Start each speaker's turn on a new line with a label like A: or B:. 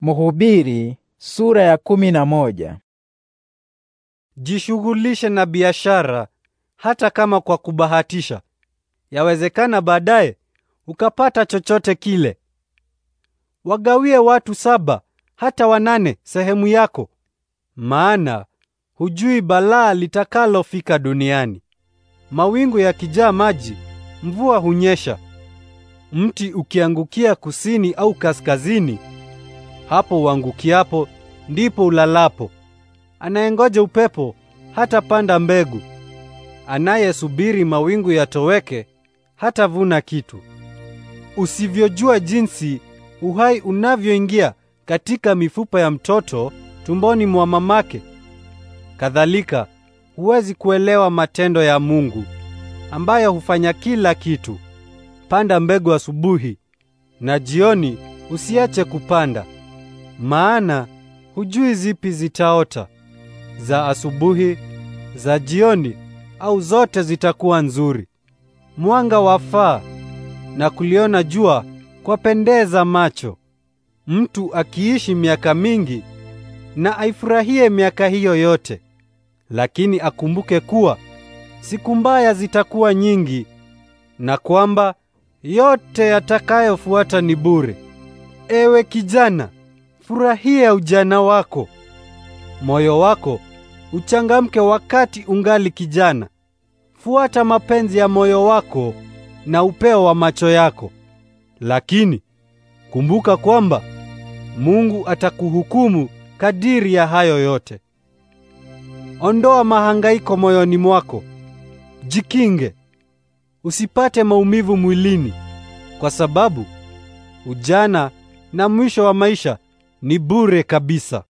A: Mhubiri sura ya kumi na moja. Jishughulishe na biashara hata kama kwa kubahatisha. Yawezekana baadaye ukapata chochote kile. Wagawie watu saba hata wanane sehemu yako, maana hujui balaa litakalofika duniani. Mawingu yakijaa maji, mvua hunyesha. Mti ukiangukia kusini au kaskazini hapo uangukiapo ndipo ulalapo. Anayengoja upepo hata panda mbegu, anayesubiri mawingu yatoweke hata vuna kitu. Usivyojua jinsi uhai unavyoingia katika mifupa ya mtoto tumboni mwa mamake, kadhalika huwezi kuelewa matendo ya Mungu ambayo hufanya kila kitu. Panda mbegu asubuhi na jioni usiache kupanda maana hujui zipi zitaota za asubuhi, za jioni, au zote zitakuwa nzuri. Mwanga wafaa na kuliona jua kwapendeza macho. Mtu akiishi miaka mingi na aifurahie miaka hiyo yote, lakini akumbuke kuwa siku mbaya zitakuwa nyingi na kwamba yote yatakayofuata ni bure. Ewe kijana, furahia ujana wako, moyo wako uchangamke wakati ungali kijana. Fuata mapenzi ya moyo wako na upeo wa macho yako, lakini kumbuka kwamba Mungu atakuhukumu kadiri ya hayo yote. Ondoa mahangaiko moyoni mwako, jikinge, usipate maumivu mwilini, kwa sababu ujana na mwisho wa maisha ni bure kabisa.